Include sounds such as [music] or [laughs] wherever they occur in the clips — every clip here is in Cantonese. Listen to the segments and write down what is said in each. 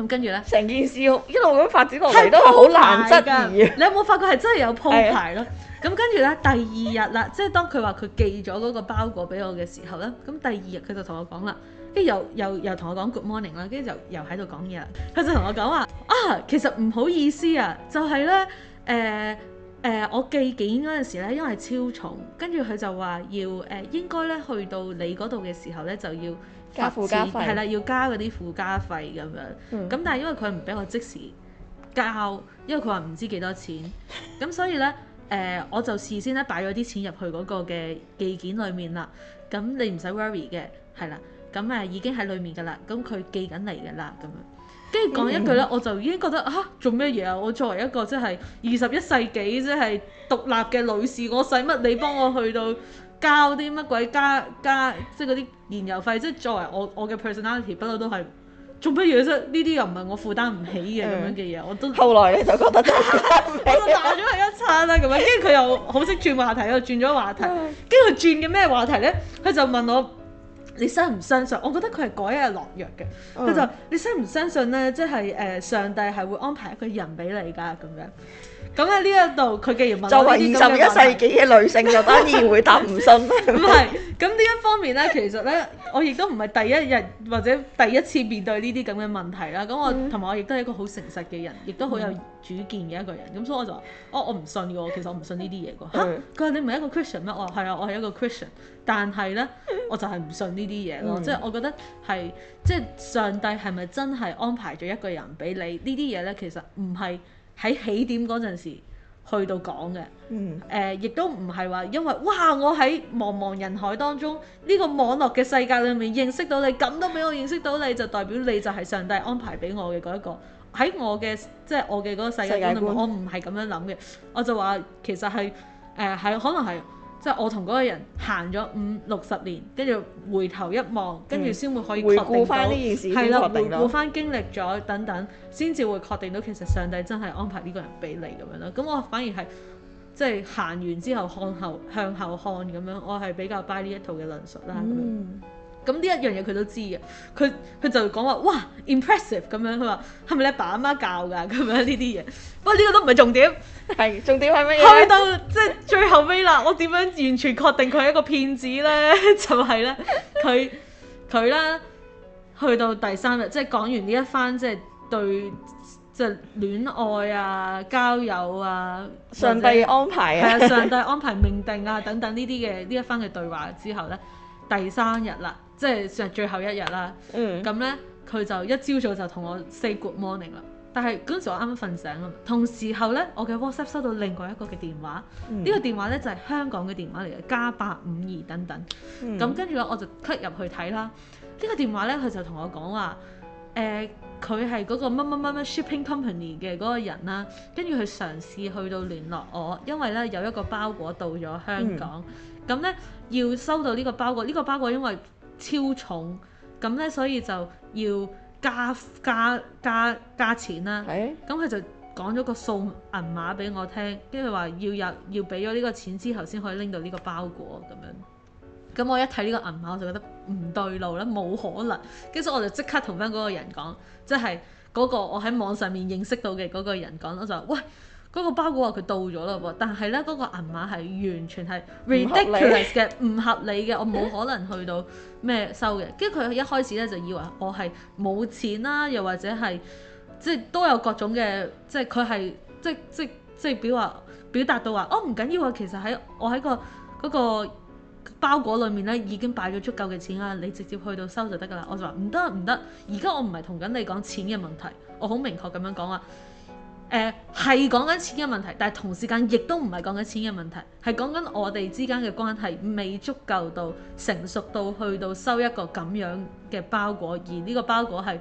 咁、嗯、跟住咧，成件事一路咁發展落嚟都好難質疑。 [laughs] 你有冇發覺係真係有鋪排咯？咁 [laughs] 跟住咧，第二日啦，即係當佢話佢寄咗嗰個包裹俾我嘅時候咧，咁第二日佢就同我講啦，跟住又又又同我講 Good Morning 啦，跟住就又喺度講嘢啦。佢就同我講話啊，其實唔好意思啊，就係、是、咧，誒、呃、誒、呃，我寄件嗰陣時咧，因為超重，跟住佢就話要誒、呃、應該咧去到你嗰度嘅時候咧就要。加附加費係啦，要加嗰啲附加費咁樣。咁、嗯、但係因為佢唔俾我即時交，因為佢話唔知幾多錢。咁所以咧，誒、呃、我就事先咧擺咗啲錢入去嗰個嘅寄件裡面啦。咁你唔使 worry 嘅，係啦。咁、嗯、誒已經喺裡面㗎啦。咁佢寄緊嚟㗎啦。咁樣跟住講一句咧，我就已經覺得、嗯、啊，做咩嘢啊？我作為一個即係二十一世紀即係獨立嘅女士，我使乜你幫我去到交啲乜鬼加加即係嗰啲？就是燃油費即係作為我我嘅 personality，不嬲都係，做乜嘢？即呢啲又唔係我負擔唔起嘅咁、嗯、樣嘅嘢，我都後來你就覺得， [laughs] 我就打咗佢一餐啦咁樣，跟住佢又好識轉話題，又轉咗話題，跟住、嗯、轉嘅咩話題咧，佢就問我你相唔相信？我覺得佢係改一日落藥嘅，佢、嗯、就你相唔相信咧？即係誒、呃、上帝係會安排一個人俾你㗎咁樣。咁喺呢一度，佢既然問呢啲咁嘅問題，就係二十一世紀嘅女性，就當然會答唔信。唔係，咁呢一方面咧，其實咧，我亦都唔係第一日 [laughs] 或者第一次面對呢啲咁嘅問題啦。咁我同埋、嗯、我亦都係一個好誠實嘅人，亦都好有主見嘅一個人。咁所以我就話：哦，我唔信喎，其實我唔信呢啲嘢喎。嚇、啊，佢話 [laughs] 你唔係一個 Christian 咩？我話係啊，我係一個 Christian，但係咧， [laughs] 我就係唔信呢啲嘢咯。即係、嗯、我覺得係，即、就、係、是、上帝係咪真係安排咗一個人俾你？呢啲嘢咧，其實唔係。喺起點嗰陣時去到講嘅，誒亦都唔係話因為哇，我喺茫茫人海當中呢個網絡嘅世界裏面認識到你，咁都俾我認識到你就代表你就係上帝安排俾我嘅嗰一個。喺我嘅即係我嘅嗰個世界、世界觀，裏面我唔係咁樣諗嘅，我就話其實係誒係可能係。即係我同嗰個人行咗五六十年，跟住回頭一望，跟住先會可以確定翻呢件事，係啦、嗯，回顧翻經歷咗等等，先至會確定到其實上帝真係安排呢個人俾你咁樣囉。咁我反而係即係行完之後看後向後看咁樣，我係比較 buy 呢一套嘅論述啦，咁樣。咁呢一樣嘢佢都知嘅，佢佢就講話哇 impressive 咁樣，佢話係咪你阿爸阿媽教噶咁樣呢啲嘢？不過呢個都唔係重點，係 [laughs] 重點係乜嘢？去到即係、就是、最後尾啦， [laughs] 我點樣完全確定佢係一個騙子咧？就係、是、咧，佢佢啦，去到第三日，即係講完呢一番，即、就、係、是、對即係、就是、戀愛啊、交友啊、上帝安排啊， [laughs] 啊、上帝安排命定啊等等呢啲嘅呢一番嘅對話之後咧，第三日啦。即係算係最後一日啦。嗯，咁咧佢就一朝早就同我 say good morning 啦。但係嗰陣時我啱啱瞓醒啊同時候呢，我嘅 WhatsApp 收到另外一個嘅電話，呢、嗯、個電話呢，就係、是、香港嘅電話嚟嘅，加八五二等等。咁跟住咧我就 click 入去睇啦。呢、這個電話呢，佢就同我講話，誒佢係嗰個乜乜乜乜 shipping company 嘅嗰個人啦。跟住佢嘗試去到聯絡我，因為呢有一個包裹到咗香港，咁、嗯嗯、呢，要收到呢個包裹，呢、這個包裹因為，超重咁呢，所以就要加加加加錢啦。咁佢的就講咗個數銀碼俾我聽，跟住話要有要俾咗呢個錢之後先可以拎到呢個包裹咁樣。咁我一睇呢個銀碼我就覺得唔對路啦，冇可能。跟住我就即刻同返嗰個人講，即係嗰個我喺網上面認識到嘅嗰個人講，我就話喂。嗰個包裹話佢到咗啦噃，但係呢，嗰個銀碼係完全係 ridiculous 嘅，唔合理嘅， [laughs] 我冇可能去到咩收嘅。跟住佢一開始呢，就以為我係冇錢啦，又或者係即係都有各種嘅，即係佢係即即即表話表達到話哦唔緊要啊，其實喺我喺個嗰個包裹裡面呢，已經擺咗足夠嘅錢啦，你直接去到收就得噶啦。我就話唔得唔得，而家我唔係同緊你講錢嘅問題，我好明確咁樣講啊。誒係講緊錢嘅問題，但係同時間亦都唔係講緊錢嘅問題，係講緊我哋之間嘅關係未足夠到成熟到去到收一個咁樣嘅包裹，而呢個包裹係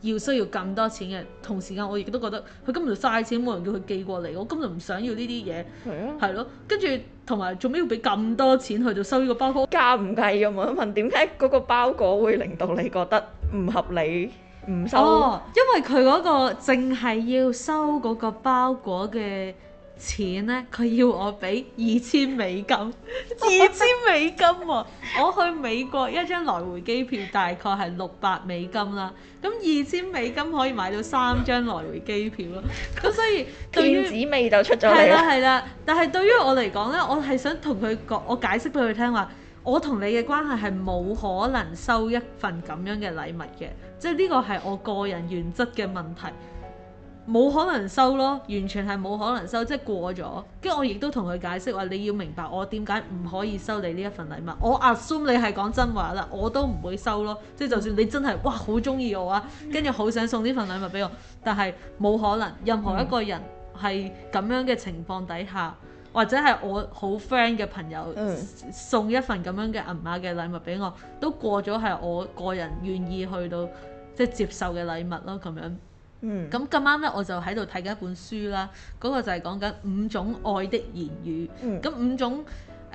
要需要咁多錢嘅。同時間我亦都覺得佢根本就嘥錢，冇人叫佢寄過嚟，我根本唔想要呢啲嘢。係啊，係咯，跟住同埋做咩要俾咁多錢去到收呢個包裹？加唔計啊嘛，問點解嗰個包裹會令到你覺得唔合理？唔收、哦，因為佢嗰個淨係要收嗰個包裹嘅錢呢，佢要我俾二千美金，二千 [laughs] 美金喎、哦， [laughs] 我去美國一張來回機票大概係六百美金啦，咁二千美金可以買到三張來回機票咯，咁 [laughs] 所以電子味就出咗嚟。係啦係啦，但係對於我嚟講呢，我係想同佢講，我解釋俾佢聽話。我同你嘅關係係冇可能收一份咁樣嘅禮物嘅，即係呢個係我個人原則嘅問題，冇可能收咯，完全係冇可能收，即係過咗。跟住我亦都同佢解釋話，你要明白我點解唔可以收你呢一份禮物。我阿 s 你係講真話啦，我都唔會收咯。即係就算你真係哇好中意我話、啊，跟住好想送呢份禮物俾我，但係冇可能。任何一個人係咁樣嘅情況底下。或者係我好 friend 嘅朋友，朋友、嗯、送一份咁樣嘅銀碼嘅禮物俾我，都過咗係我個人願意去到即係接受嘅禮物咯，咁樣。嗯。咁咁啱咧，我就喺度睇緊一本書啦，嗰、嗰個就係講緊五種愛的言語。嗯。咁五種。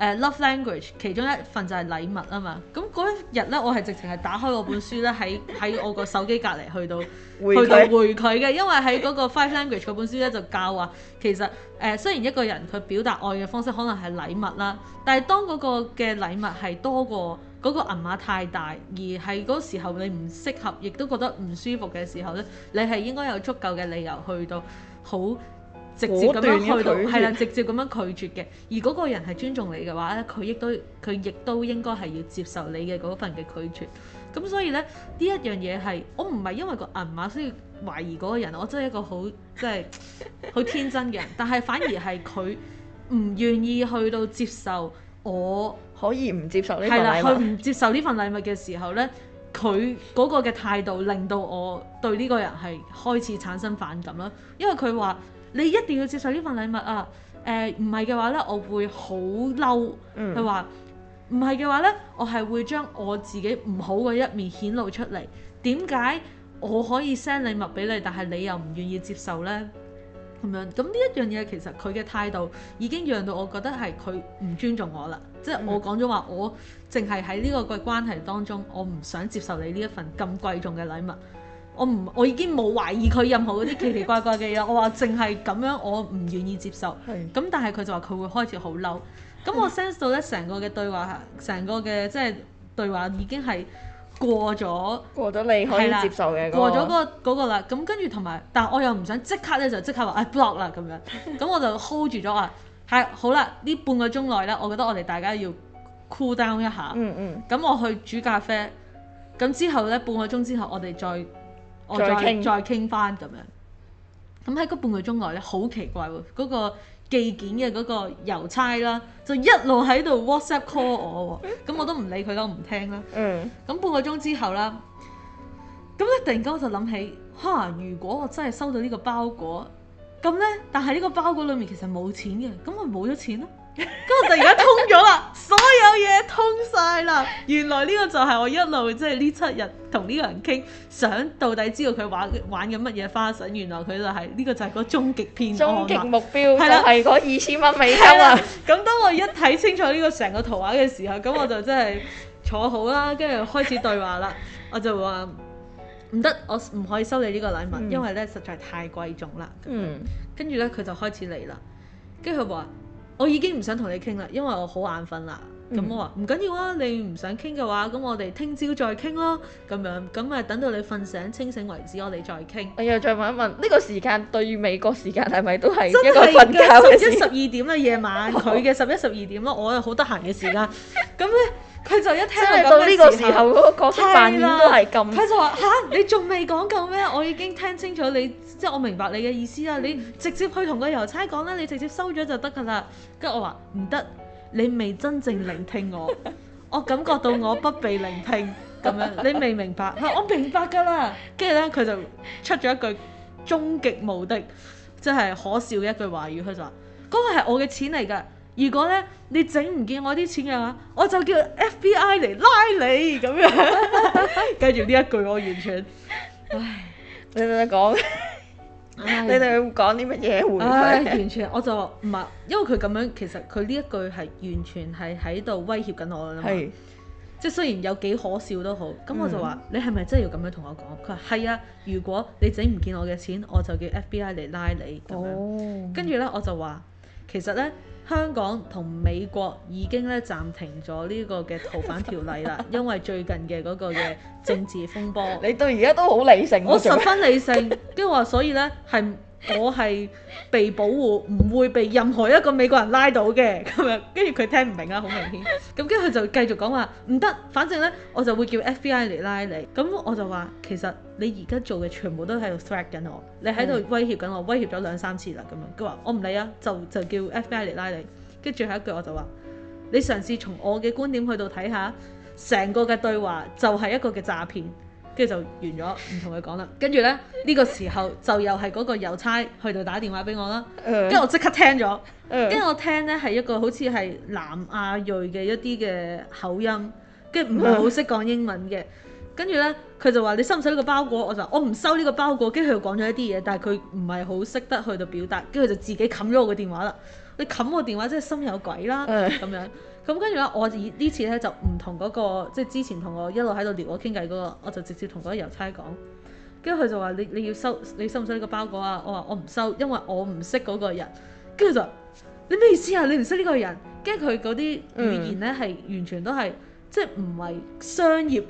誒、uh, Love Language 其中一份就係禮物啊嘛，咁嗰一日咧，我係直情係打開我本書咧，喺喺我個手機隔離去到 [laughs] 去到回佢嘅，因為喺嗰個 Five Language 嗰本書咧就教話，其實誒、uh, 雖然一個人佢表達愛嘅方式可能係禮物啦，但係當嗰個嘅禮物係多過嗰個銀碼太大，而係嗰時候你唔適合，亦都覺得唔舒服嘅時候咧，你係應該有足夠嘅理由去到好。直接咁樣去到係啦，直接咁樣拒絕嘅。而嗰個人係尊重你嘅話咧，佢亦都佢亦都應該係要接受你嘅嗰份嘅拒絕。咁所以咧，呢一樣嘢係我唔係因為個銀碼所以懷疑嗰個人。我真係一個好即係好天真嘅人， [laughs] 但係反而係佢唔願意去到接受我可以唔接受呢份禮物。係啦，佢唔接受呢份禮物嘅時候咧，佢嗰個嘅態度令到我對呢個人係開始產生反感啦，因為佢話，你一定要接受呢份禮物啊！誒、呃，唔係嘅話呢，我會好嬲，佢話唔係嘅話呢，我係會將我自己唔好嘅一面顯露出嚟。點解我可以 send 禮物俾你，但係你又唔願意接受呢？咁樣咁呢一樣嘢，其實佢嘅態度已經讓到我覺得係佢唔尊重我啦。即係我講咗話，嗯、我淨係喺呢個嘅關係當中，我唔想接受你呢一份咁貴重嘅禮物。我唔，我已經冇懷疑佢任何嗰啲奇奇怪怪嘅嘢。 [laughs] 我話淨係咁樣，我唔願意接受。咁 [laughs] 但係佢就話佢會開始好嬲。咁 [laughs] 我 sense 到咧，成個嘅對話，成個嘅即係對話已經係過咗。過咗你可以接受嘅過咗嗰嗰個啦。咁跟住同埋，但我又唔想即刻咧就即刻話哎 block 啦咁樣。咁 [laughs] 我就 hold 住咗話係好啦。呢半個鐘內咧，我覺得我哋大家要 cool down 一下。嗯嗯。咁我去煮咖啡。咁之後咧，半個鐘之後，我哋再。 [laughs] [laughs] 我再再傾翻咁樣，咁喺嗰半個鐘內咧，好奇怪喎！嗰個寄件嘅嗰個郵差啦，就一路喺度 WhatsApp call 我喎，咁我都唔理佢啦，唔聽啦。嗯。咁半個鐘之後啦，咁咧突然間我就諗起，哈！如果我真係收到呢個包裹，咁咧，但係呢個包裹裡面其實冇錢嘅，咁我冇咗錢咯。跟住突然間通咗啦， [laughs] 所有嘢通晒啦。原來呢個就係我一路即係呢七日同呢個人傾，想到底知道佢玩玩緊乜嘢花臣。原來佢就係、是、呢、這個就係個終極片，終極目標係啦，係嗰二千蚊美金、啊。咁的 [laughs] 當我一睇清楚呢個成個圖畫嘅時候，咁我就真係坐好啦，跟住 [laughs] 開始對話啦。我就話唔得，我唔可以收你呢個禮物，嗯、因為咧實在太貴重啦。嗯跟呢。跟住咧，佢就開始嚟啦，跟住佢話。我已經唔想同你傾啦，因為我好眼瞓啦。咁、嗯、我話唔緊要啊，你唔想傾嘅話，咁我哋聽朝再傾咯。咁樣咁啊，等到你瞓醒清醒為止，我哋再傾。哎呀，再問一問，呢、呢個時間對於美國時間係咪都係一個瞓覺嘅時間？真係嘅，十一十二點啦，夜晚佢嘅十一十二點咯，我啊好得閒嘅時間。咁咧，佢就一聽到呢個時候嗰個七點都係咁，佢 [laughs] 就話吓，你仲未講夠咩？我已經聽清楚你。即係我明白你嘅意思啊！嗯、你直接去同個郵差講咧，你直接收咗就得噶啦。跟住我話唔得，你未真正聆聽我， [laughs] 我感覺到我不被聆聽咁樣。你未明白？係我明白噶啦。跟住咧，佢就出咗一句終極無敵，即係可笑嘅一句話語。佢就話：嗰、嗰個係我嘅錢嚟㗎。如果咧你整唔見我啲錢嘅話，我就叫 FBI 嚟拉你咁樣。跟住呢一句，我完全 [laughs] 唉，你你講。 [laughs] 唉你哋會講啲乜嘢回應？完全，我就話，唔係，因為佢咁樣，其實佢呢一句係完全係喺度威脅緊我啦是即係雖然有幾可笑都好，咁我就話：嗯、你係咪真係要咁樣同我講？佢話係啊，如果你整唔見我嘅錢，我就叫 FBI 嚟拉你咁樣。跟住、哦、呢，我就話。其實咧，香港同美國已經咧暫停咗呢個嘅逃犯條例啦， [laughs] 因為最近嘅嗰個嘅政治風波。 [laughs] 你到而家都好理性啊，我十分理性，跟住話，所以咧係。 [laughs] 我係被保護，唔會被任何一個美國人拉到嘅咁樣，跟住佢聽唔明啊，好明顯。咁跟住佢就繼續講話唔得，反正呢，我就會叫 FBI 嚟拉你。咁我就話其實你而家做嘅全部都喺度 threat 緊我，你喺度威脅緊我，嗯，我威脅咗兩三次啦咁樣。佢話我唔理啊，就就叫 FBI 嚟拉你。跟住最後一句我就話，你嘗試從我嘅觀點去到睇下，成個嘅對話就係一個嘅詐騙。跟住就完咗，唔同佢講啦。跟住呢，呢 [laughs] 個時候就又係嗰個郵差去度打電話俾我啦。跟住、嗯、我即刻聽咗，跟住、嗯、我聽呢係一個好似係南亞裔嘅一啲嘅口音，跟住唔係好識講英文嘅。跟住、嗯、呢，佢就話你收唔收呢個包裹？我就我唔收呢個包裹。跟住佢又講咗一啲嘢，但係佢唔係好識得去度表達，跟住佢就自己冚咗我個電話啦。你冚我電話真係心有鬼啦，咁、嗯、樣。咁跟住咧，我以呢次咧就唔同嗰、那個，即、就、係、是、之前同我一路喺度聊我傾偈嗰個，我就直接同嗰個郵差講，跟住佢就話：你你要收，你收唔收呢個包裹啊？我話我唔收，因為我唔識嗰個人。跟住就，你咩意思啊？你唔識呢個人？跟住佢嗰啲語言咧係、嗯、完全都係，即係唔係商業。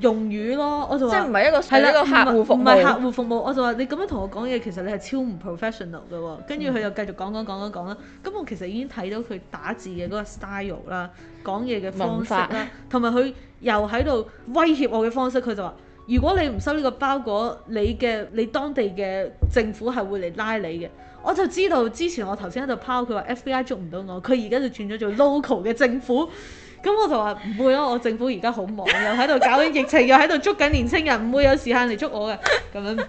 用語咯，我就話即係唔係一個，係啦，唔係客戶服務，唔係客戶服務，我就話你咁樣同我講嘢，其實你係超唔 professional 嘅喎。跟住佢又繼續講講講講講啦。咁我其實已經睇到佢打字嘅嗰個 style 啦，講嘢嘅方式啦，同埋佢又喺度威脅我嘅方式，佢就話：如果你唔收呢個包裹，你嘅你當地嘅政府係會嚟拉你嘅。我就知道之前我頭先喺度拋佢話 FBI 捉唔到我，佢而家就轉咗做 local 嘅政府。咁我就話唔會咯，我政府而家好忙，又喺度搞緊疫情， [laughs] 又喺度捉緊年輕人，唔會有時間嚟捉我嘅咁樣。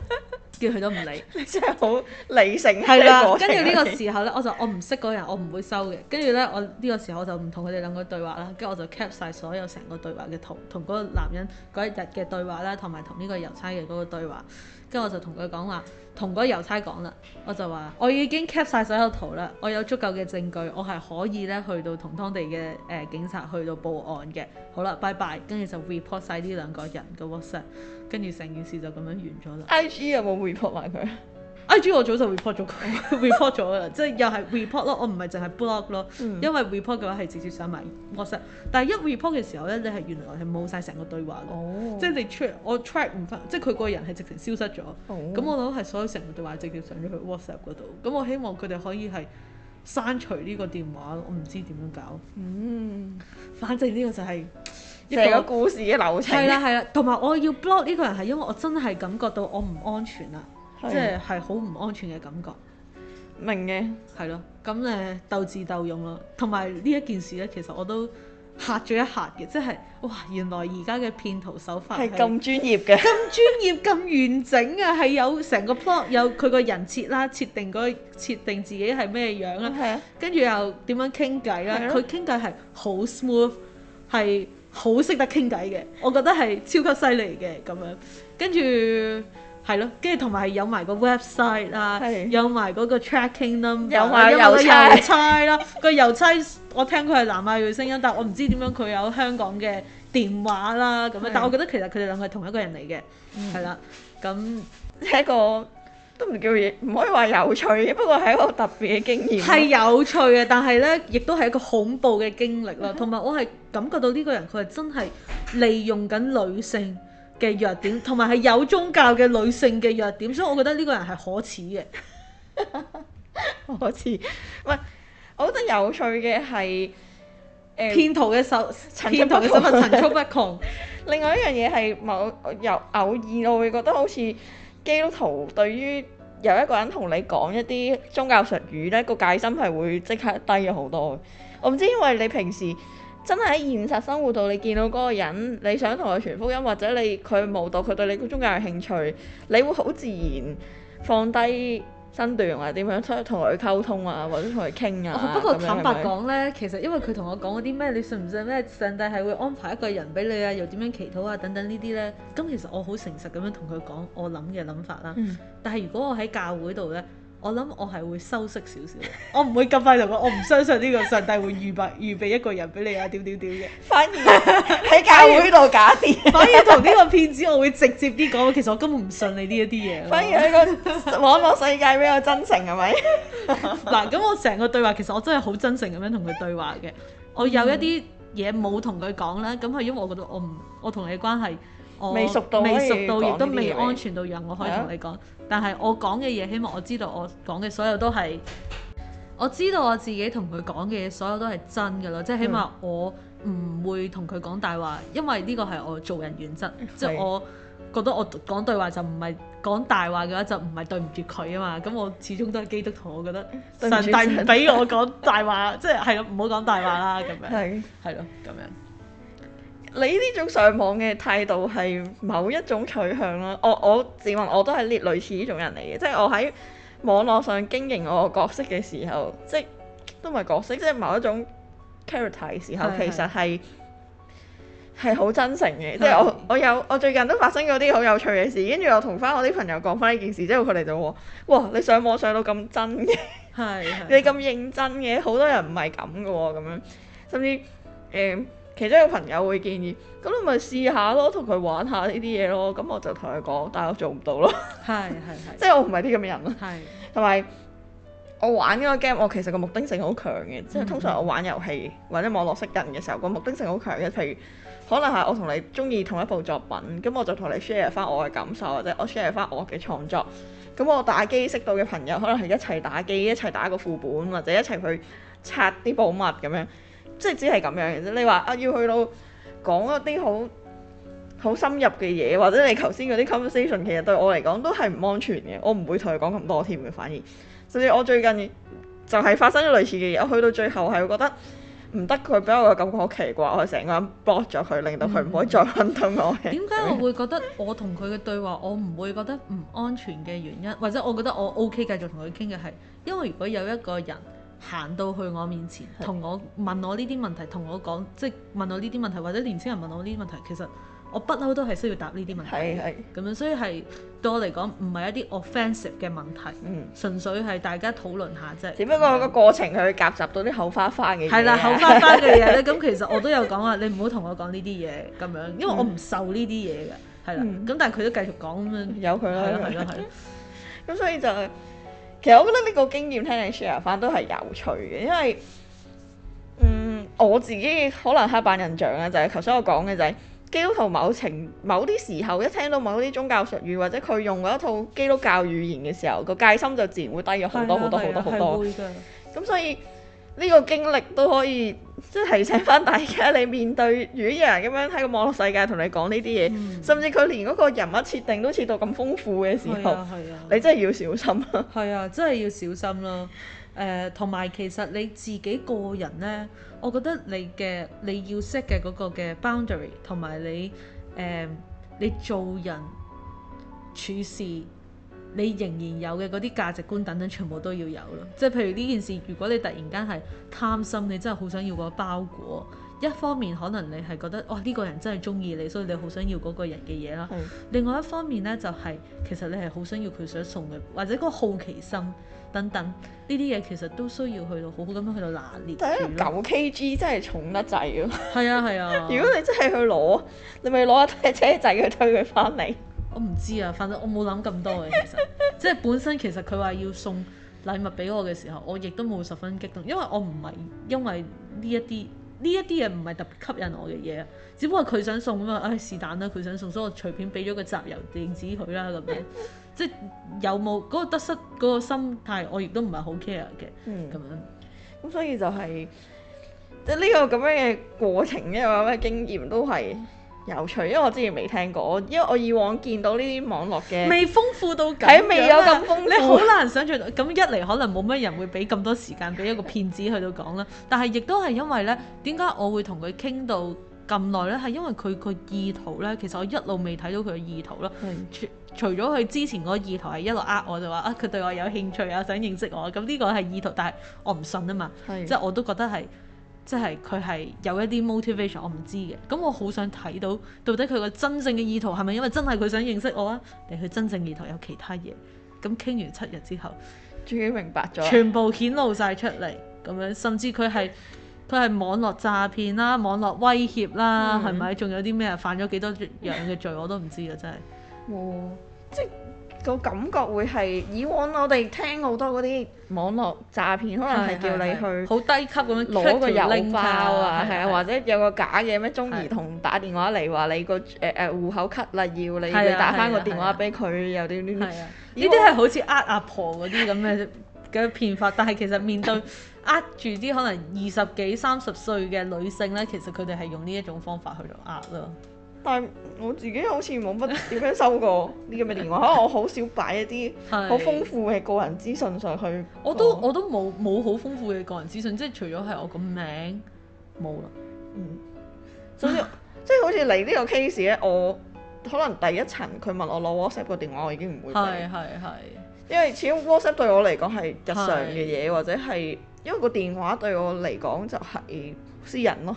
叫佢都唔理， [laughs] 你真係好理性嘅。 [laughs] 係啦，跟住呢個時候呢，我就我唔識嗰人，我唔會收嘅。跟住呢，我呢個時候我就唔同佢哋兩個對話啦。跟住我就 cap 晒所有成個對話嘅圖，同嗰個男人嗰一日嘅對話啦，同埋同呢個郵差嘅嗰個對話。跟住我就同佢講話，同嗰郵差講啦，我就話我已經 cap 晒所有圖啦，我有足夠嘅證據，我係可以呢去到同當地嘅誒、呃、警察去到報案嘅。好啦，拜拜，跟住就 report 晒呢兩個人嘅 WhatsApp。跟住成件事就咁樣完咗啦。I G 有冇 report 埋佢？I G 我早就 report 咗佢 [laughs] [laughs] ，report 咗啦，即係又係 report 咯，我唔係淨係 block 咯，嗯、因為 report 嘅話係直接上埋 WhatsApp。但係一 report 嘅時候咧，你係原來係冇晒成個對話嘅、哦，即係你 track 我 track 唔翻，即係佢個人係直情消失咗。咁、哦、我諗係所有成個對話直接上咗去 WhatsApp 嗰度。咁我希望佢哋可以係刪除呢個電話，我唔知點樣搞。嗯，反正呢個就係、是。成個有故事嘅流程係啦，係啦， [laughs] 同埋我要 block 呢個人係因為我真係感覺到我唔安全啦，的即係係好唔安全嘅感覺。明嘅係咯，咁誒鬥智鬥勇咯，同埋呢一件事咧，其實我都吓咗一吓嘅， [laughs] 即係哇，原來而家嘅騙徒手法係咁專業嘅，咁專業咁 [laughs] 完整啊，係有成個 block 有佢個人設啦，設定佢設定自己係咩樣啦，跟住 Okay. 又點樣傾偈啦，佢傾偈係好 smooth 係。好識得傾偈嘅，我覺得係超級犀利嘅咁樣，跟住係咯，跟住同埋有埋個 website、啊啊、啦，有埋嗰個 tracking 啦，有埋郵差啦，個郵差我聽佢係南亞語聲音，但我唔知點樣佢有香港嘅電話啦咁樣，但我覺得其實佢哋兩個係同一個人嚟嘅，係啦、嗯，咁係一個。都唔叫嘢，唔可以話有趣嘅，不過係一個特別嘅經驗，係有趣嘅，但係呢亦都係一個恐怖嘅經歷啦。同埋 [laughs] 我係感覺到呢個人佢係真係利用緊女性嘅弱點，同埋係有宗教嘅女性嘅弱點，所以我覺得呢個人係可恥嘅。 [laughs] 可恥恥，喂， [laughs] 我覺得有趣嘅係，誒、呃，騙徒嘅手，騙徒嘅手法層出不窮，不 [laughs] 另外一樣嘢係某由偶爾我會覺得好似。基督徒對於有一個人同你講一啲宗教術語，呢個戒心係會即刻低咗好多。我唔知，因為你平時真係喺現實生活度，你見到嗰個人，你想同佢傳福音，或者你佢無度，佢對你個宗教有興趣，你會好自然放低。針段或點樣出去同佢溝通啊，或者同佢傾啊、哦。不過是不是坦白講呢，其實因為佢同我講嗰啲咩，你信唔信咩？上帝係會安排一個人俾你啊，又點樣祈禱啊等等呢啲呢。咁其實我好誠實咁樣同佢講我諗嘅諗法啦。嗯、但係如果我喺教會度呢。我諗我係會收飾少少，我唔會咁快同佢，我唔相信呢個上帝會預備預備一個人俾你啊，點點點嘅。反而喺教會度假啲，反而同呢個騙子我會直接啲講，其實我根本唔信你呢一啲嘢。反而喺個網絡世界比較真誠係咪？嗱，咁我成個對話其實我真係好真誠咁樣同佢對話嘅，我有一啲嘢冇同佢講啦。咁係因為我覺得我唔，我同你嘅關係。未熟，未熟到，未熟到，亦都未安全到，讓我可以同你講， [noise] 但係我講嘅嘢，希望我知道我講嘅所有都係。我知道我自己同佢講嘅嘢，所有都係真噶咯。即係起碼我唔會同佢講大話，因為呢個係我做人原則。是即係我覺得我講對話就唔係講大話嘅話，就唔係對唔住佢啊嘛。咁我始終都係基督徒，我覺得上帝唔俾我講大話， [laughs] 即係，係咯，唔好講大話啦。咁樣。係咯對，咁樣。你呢種上網嘅態度係某一種取向咯、啊。我我自問我都係呢類似呢種人嚟嘅，即係我喺網絡上經營我個角色嘅時候，即都唔係角色，即係某一種 character 嘅時候，其實係係好真誠嘅。是是即係我我有我最近都發生咗啲好有趣嘅事，我跟住我同翻我啲朋友講翻呢件事之後，佢哋就話：哇，你上網上到咁真嘅，是是是 [laughs] 你咁認真嘅，好多人唔係咁嘅喎。咁樣甚至誒。嗯其中有朋友會建議，咁你咪試下咯，同佢玩下呢啲嘢咯。咁我就同佢講，但係我做唔到咯。係係係，是即係我唔係啲咁嘅人咯。係。同是埋我玩嗰個 game，我其實個目的性好強嘅，即係通常我玩遊戲或者網絡識人嘅時候，個目的性好強嘅。譬如可能係我同你中意同一部作品，咁我就同你 share 翻我嘅感受，或者我 share 翻我嘅創作。咁我打機識到嘅朋友，可能係一齊打機，一齊打個副本，或者一齊去拆啲寶物咁樣。即係只係咁樣嘅啫。你話啊，要去到講一啲好好深入嘅嘢，或者你頭先嗰啲 conversation 其實對我嚟講都係唔安全嘅。我唔會同佢講咁多添嘅，反而甚至我最近就係發生咗類似嘅嘢。我去到最後係會覺得唔得，佢俾我嘅感覺好奇怪，我成個人 block 咗佢，令到佢唔可以再揾到我嘅。點解、嗯、 [laughs] 我會覺得我同佢嘅對話我唔會覺得唔安全嘅原因，或者我覺得我 OK 繼續同佢傾嘅係因為如果有一個人，行到去我面前，同我問我呢啲問題，同我講即係問我呢啲問題，或者年輕人問我呢啲問題，其實我不嬲都係需要答呢啲問題，係咁是是 樣，所以係對我嚟講唔係一啲 offensive 嘅問題，嗯，純粹係大家討論下啫。只不過個過程佢夾雜到啲口花花嘅，啊，係啦，口花花嘅嘢咧。咁 [laughs] 其實我都有講話，你唔好同我講呢啲嘢咁樣，因為我唔受呢啲嘢嘅，係啦。咁、嗯、但係佢都繼續講咁樣，由佢啦，係啦，係。咁 [laughs] 所以就係、是。其實我覺得呢個經驗聽你 share 翻都係有趣嘅，因為，嗯，我自己可能刻板印象啦、就係，就係頭先我講嘅就係基督徒某程某啲時候一聽到某啲宗教術語或者佢用嗰一套基督教語言嘅時候，個戒心就自然會低咗好多好多好多好多，多，多，咁所以。呢個經歷都可以即係提醒翻大家，你面對如果有人咁樣喺個網絡世界同你講呢啲嘢，嗯、甚至佢連嗰個人物設定都設到咁豐富嘅時候，啊啊、你真係要小心啊！係啊，真係要小心咯。同、呃、埋其實你自己個人呢，我覺得你嘅你要識嘅嗰個嘅 boundary，同埋你、呃、你做人處事。你仍然有嘅嗰啲價值觀等等，全部都要有咯。即係譬如呢件事，如果你突然間係貪心，你真係好想要個包裹。一方面可能你係覺得哇呢、哦呢個人真係中意你，所以你好想要嗰個人嘅嘢啦。嗯、另外一方面呢，就係、是、其實你係好想要佢想送嘅，或者個好奇心等等呢啲嘢，其實都需要去到好好咁樣去到拿捏住。但九 KG 真係重得滯 [laughs] [laughs] 啊！係啊係啊！ [laughs] 如果你真係去攞，你咪攞一架車仔去推佢返嚟。我唔知啊，反正我冇諗咁多嘅，其實 [laughs] 即係本身其實佢話要送禮物俾我嘅時候，我亦都冇十分激動，因為我唔係因為呢一啲呢一啲嘢唔係特別吸引我嘅嘢啊，只不過佢想送咁嘛。唉是但啦，佢想送，所以我隨便俾咗個集郵電子佢啦咁樣， [laughs] 即係有冇嗰個得失嗰個心態，我亦都唔係好 care 嘅，咁、嗯、樣，咁所以就係即係呢個咁樣嘅過程，有咩經驗都係。有趣，因為我之前未聽過，因為我以往見到呢啲網絡嘅未豐富到咁，係啊，未有咁豐富，你好難想象。咁 [laughs] 一嚟可能冇乜人會俾咁多時間俾一個騙子去度講啦。但係亦都係因為呢點解我會同佢傾到咁耐呢？係因為佢個意圖呢。其實我一路未睇到佢嘅意圖咯的。除除咗佢之前個意圖係一路呃我就話啊，佢對我有興趣啊，想認識我咁，呢個係意圖，但係我唔信啊嘛。即係的我都覺得係。即係佢係有一啲 motivation，我唔知嘅。咁我好想睇到，到底佢個真正嘅意圖係咪因為真係佢想認識我啊？定佢真正意圖有其他嘢？咁傾完七日之後，終於明白咗，全部顯露晒出嚟咁樣，甚至佢係佢係網絡詐騙啦，網絡威脅啦，係咪、嗯？仲有啲咩？犯咗幾多樣嘅罪 [laughs] 我都唔知啊！真係、嗯，即係。個感覺會係以往我哋聽好多嗰啲網絡詐騙，可能係叫你去好低級咁樣攞個郵包啊，係啊，或者有個假嘅咩中兒童打電話嚟話你個誒誒戶口 cut 啦，要你打翻個電話俾佢，又啲啲啲。呢啲係好似呃阿婆嗰啲咁嘅嘅騙法，但係其實面對呃住啲可能二十幾、三十歲嘅女性呢，其實佢哋係用呢一種方法去咗呃咯。但係我自己好似冇乜點樣收過呢啲咁嘅電話， [laughs] 可能我好少擺一啲好豐富嘅個人資訊上去。我都我都冇冇好豐富嘅個人資訊，即係除咗係我個名冇啦。嗯，所以 [laughs] 即係好似嚟呢個 case 咧，我可能第一層佢問我攞 WhatsApp 個電話，我已經唔會俾。係係係，因為始終 WhatsApp 對我嚟講係日常嘅嘢， [laughs] 或者係因為個電話對我嚟講就係私人咯。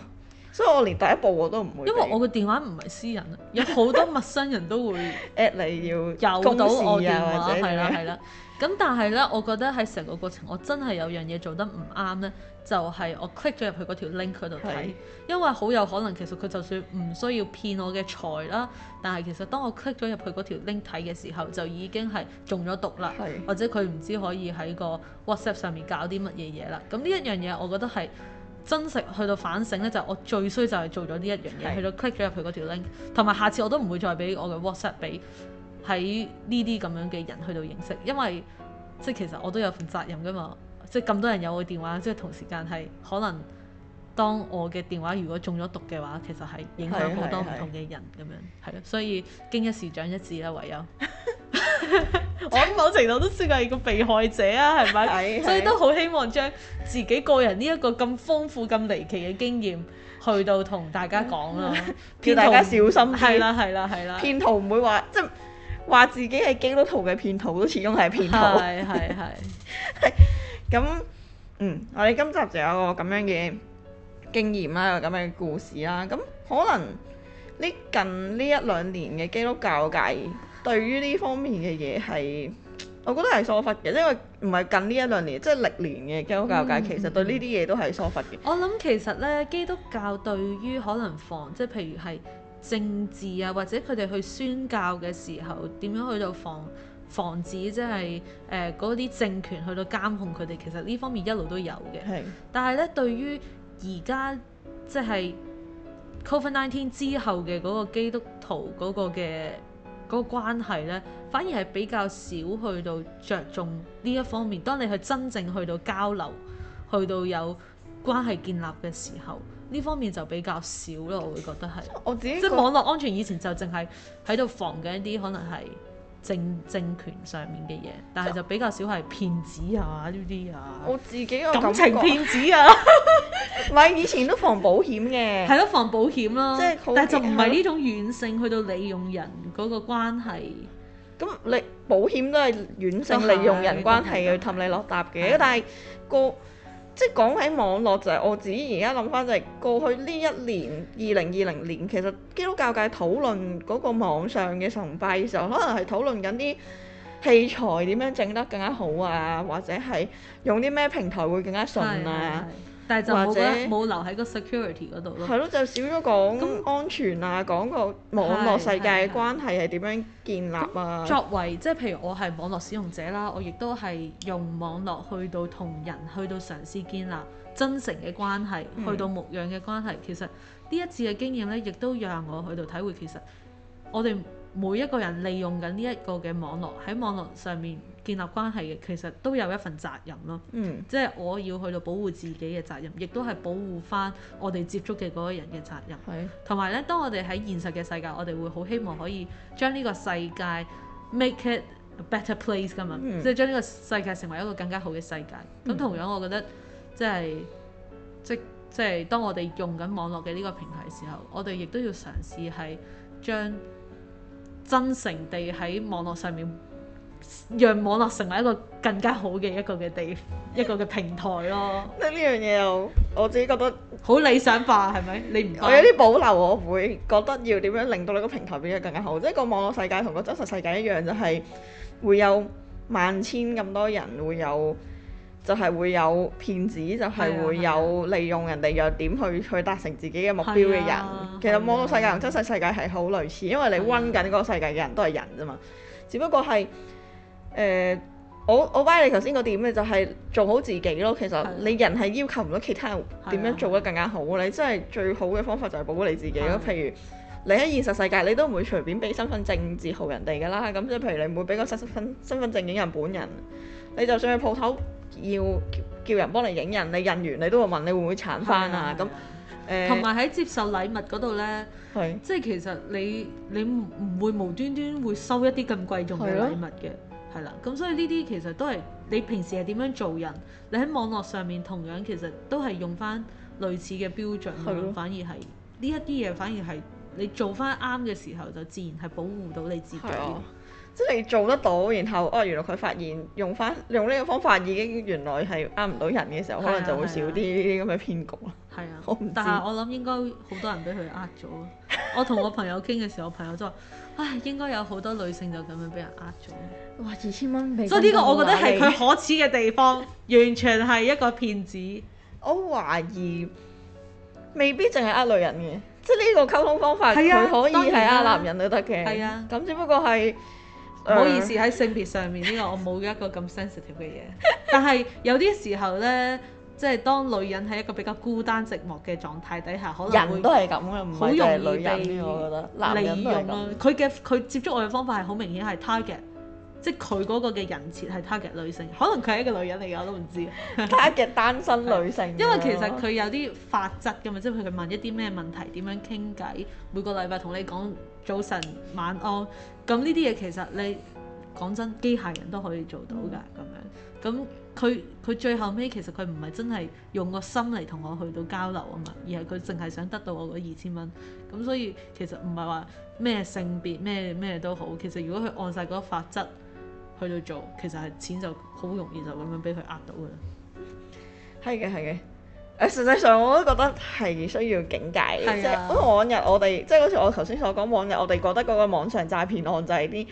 所以，我連第一步我都唔會。因為我嘅電話唔係私人，有好多陌生人都會 at [laughs] 你要公事啊，或者係啦係啦。咁但係咧，我覺得喺成個過程，我真係有樣嘢做得唔啱咧，就係、是、我 click 咗入去嗰條 link 嗰度睇，的因為好有可能其實佢就算唔需要騙我嘅財啦，但係其實當我 click 咗入去嗰條 link 睇嘅時候，就已經係中咗毒啦，的或者佢唔知可以喺個 WhatsApp 上面搞啲乜嘢嘢啦。咁呢一樣嘢，我覺得係。真實去到反省咧，就係、我最衰就係做咗呢一樣嘢，對去到 click 咗入去嗰條 link，同埋下次我都唔會再俾我嘅 WhatsApp 俾喺呢啲咁樣嘅人去到認識，因為即係其實我都有份責任噶嘛，即係咁多人有我電話，即係同時間係可能當我嘅電話如果中咗毒嘅話，其實係影響好多唔同嘅人咁樣，係咯，所以經一事長一智啦，唯有。 [laughs] [laughs] 我某程度都算係個被害者啊，係咪？ [laughs] 所以都好希望將自己個人呢一個咁豐富、咁離奇嘅經驗去到同大家講啦，叫、嗯嗯、徒大家小心啲。係啦，係啦，係啦。騙徒唔會話即係話自己係基督徒嘅騙徒，都始終係騙徒。係係係。咁， [laughs] [laughs] 嗯，我哋今集就有個咁樣嘅經驗啦，有咁樣嘅故事啦。咁可能呢近呢一兩年嘅基督教界。對於呢方面嘅嘢係，我覺得係疏忽嘅，因為唔係近呢一兩年，即係歷年嘅基督教界，界、嗯、其實對呢啲嘢都係疏忽嘅。我諗其實呢，基督教對於可能防即係譬如係政治啊，或者佢哋去宣教嘅時候點樣去到防防止即係誒嗰啲政權去到監控佢哋，其實呢方面一路都有嘅。是但係呢，對於而家即係 COVID-19 之後嘅嗰個基督徒嗰個嘅。嗰個關係呢，反而係比較少去到着重呢一方面。當你去真正去到交流，去到有關係建立嘅時候，呢方面就比較少咯。我會覺得係，我自己即係網絡安全以前就淨係喺度防緊一啲可能係。政政權上面嘅嘢，但係就比較少係騙子啊呢啲啊，我自己個感，感情騙子啊，唔 [laughs] 係以前都防保險嘅，係咯 [laughs] 防保險啦，但係就唔係呢種軟性去到利用人嗰個關係。咁、嗯、你保險都係軟性利用人關係去、啊、氹、哎、你落搭嘅，的但係、那個。即係講起網絡就係我自己而家諗翻，就係過去呢一年二零二零年，其實基督教界討論嗰個網上嘅崇拜嘅時候，可能係討論緊啲器材點樣整得更加好啊，或者係用啲咩平台會更加順啊。 [noise] 但就或者冇留喺個 security 嗰度咯。係咯，就少咗講安全啊，講那個網絡世界嘅關係係點樣建立啊。作為即係譬如我係網絡使用者啦，我亦都係用網絡去到同人去到嘗試建立真誠嘅關係，去到牧養嘅關係。嗯、其實呢一次嘅經驗呢，亦都讓我去到體會其實我哋。每一個人利用緊呢一個嘅網絡喺網絡上面建立關係嘅，其實都有一份責任咯。嗯、即係我要去到保護自己嘅責任，亦都係保護翻我哋接觸嘅嗰個人嘅責任。同埋是呢，當我哋喺現實嘅世界，我哋會好希望可以將呢個世界 make it a better place 㗎嘛、嗯，即係將呢個世界成為一個更加好嘅世界。咁、嗯、同樣，我覺得即係即即係當我哋用緊網絡嘅呢個平台嘅時候，我哋亦都要嘗試係將。真誠地喺網絡上面，讓網絡成為一個更加好嘅一個嘅地 [laughs] 一個嘅平台咯。 [laughs] 咁呢樣嘢我我自己覺得 [laughs] 好理想化，係咪？ [laughs] 你唔我有啲保留，我會覺得要點樣令到你個平台變得更加好。即係個網絡世界同個真實世界一樣，就係會有萬千咁多人會有。就係會有騙子，就係、是、會有利用人哋弱點去去達成自己嘅目標嘅人。啊、其實網絡世界同真、啊啊、實世界係好類似，因為你溫緊嗰個世界嘅人都係人啫嘛。啊啊、只不過係誒、呃，我我歪你頭先個點嘅就係、是、做好自己咯。其實、啊、你人係要求唔到其他人點樣做得更加好。啊、你真係最好嘅方法就係保護你自己咯。啊、如譬如你喺現實世界，你都唔會隨便俾身份證自豪人哋㗎啦。咁即係譬如你唔會俾個身身身份證影人本人。你就算去鋪頭。要叫人幫你影印，你印完你都會問你會唔會鏟翻啊？咁同埋喺接受禮物嗰度呢，的即係其實你你唔會無端端會收一啲咁貴重嘅禮物嘅，係啦的。咁所以呢啲其實都係你平時係點樣做人，你喺網絡上面同樣其實都係用翻類似嘅標準，的反而係呢一啲嘢，反而係你做翻啱嘅時候，就自然係保護到你自己。即係做得到，然後哦，原來佢發現用翻用呢個方法已經原來係呃唔到人嘅時候，可能就會少啲呢啲咁嘅騙局啦。係啊，我唔。但係我諗應該好多人俾佢呃咗。我同我朋友傾嘅時候，我朋友都話，唉，應該有好多女性就咁樣俾人呃咗。哇！二千蚊俾，所以呢個我覺得係佢可恥嘅地方，完全係一個騙子。我懷疑未必淨係呃女人嘅，即係呢個溝通方法佢可以係呃男人都得嘅。係啊，咁只不過係。嗯，唔好意思喺性別上面呢個我冇一個咁 sensitive 嘅嘢， [laughs] 但係有啲時候呢，即係當女人喺一個比較孤單寂寞嘅狀態底下，可能會人都係咁嘅，唔係就係女人呢？我覺得男人都係佢嘅佢接觸我嘅方法係好明顯係 target，即係佢嗰個嘅人設係 target 女性，可能佢係一個女人嚟嘅我都唔知，target [laughs] 單身女性。 [laughs] 因為其實佢有啲法則㗎嘛，即係佢問一啲咩問題，點樣傾偈，每個禮拜同你講。早晨晚安，咁呢啲嘢其實你講真，機械人都可以做到㗎咁樣。咁佢佢最後尾其實佢唔係真係用個心嚟同我去到交流啊嘛，而係佢淨係想得到我個二千蚊。咁所以其實唔係話咩性別咩咩都好，其實如果佢按晒嗰個法則去到做，其實係錢就好容易就咁樣俾佢呃到㗎。係嘅，係嘅。誒，實際上我都覺得係需要警戒嘅，即係好似往日我哋，即係好似我頭先所講往日我哋覺得嗰個網上詐騙案就係啲，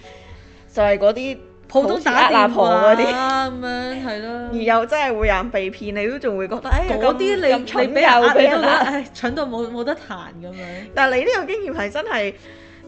就係嗰啲普通打電話嗰啲咁樣，係咯。而又真係會有人被騙，你都仲會覺得誒，嗰啲、哎、呀你蠢你又較你覺得蠢到冇冇得彈咁樣。但係你呢個經驗係真係，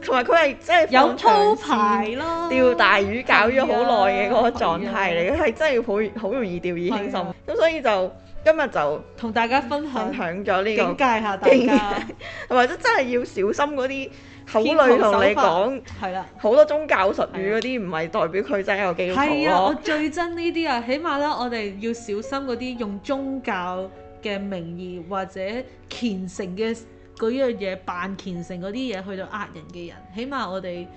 同埋佢係真係有鋪排咯，釣大魚搞咗好耐嘅嗰個狀態嚟，係真係好好容易掉以輕心，咁、啊啊、所以就。今日就同大家分享咗呢個，警戒下大家，或者真係要小心嗰啲口裡同你講，係啦，好了多宗教術語嗰啲，唔係代表佢真係有機會咯。係好了啊，我最憎呢啲啊，起碼啦，我哋要小心嗰啲用宗教嘅名義或者虔誠嘅嗰樣嘢扮虔誠嗰啲嘢去到呃人嘅人。起碼我哋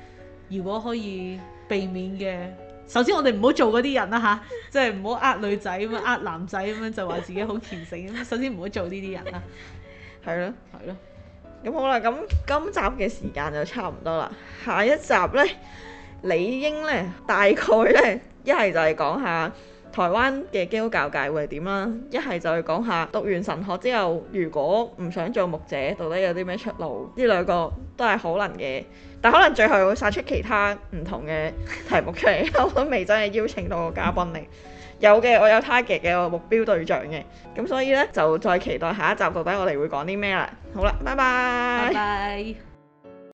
如果可以避免嘅。首先我哋唔好做嗰啲人啦吓、啊，即係唔好呃女仔咁樣，呃男仔咁樣就話自己好虔誠咁。首先唔、啊、 [laughs] 好做呢啲人啦，係咯，係咯。咁好啦，咁今集嘅時間就差唔多啦。下一集呢，理應呢，大概呢，是是一係就係講下台灣嘅基督教界會係點啦，是是一係就係講下讀完神學之後如果唔想做牧者，到底有啲咩出路？呢兩個都係可能嘅。但可能最後會殺出其他唔同嘅題目出嚟， [laughs] 我都未真係邀請到個嘉賓嚟。有嘅，我有 target 嘅目標對象嘅，咁所以呢，就再期待下一集到底我哋會講啲咩啦。好啦，拜拜。拜拜。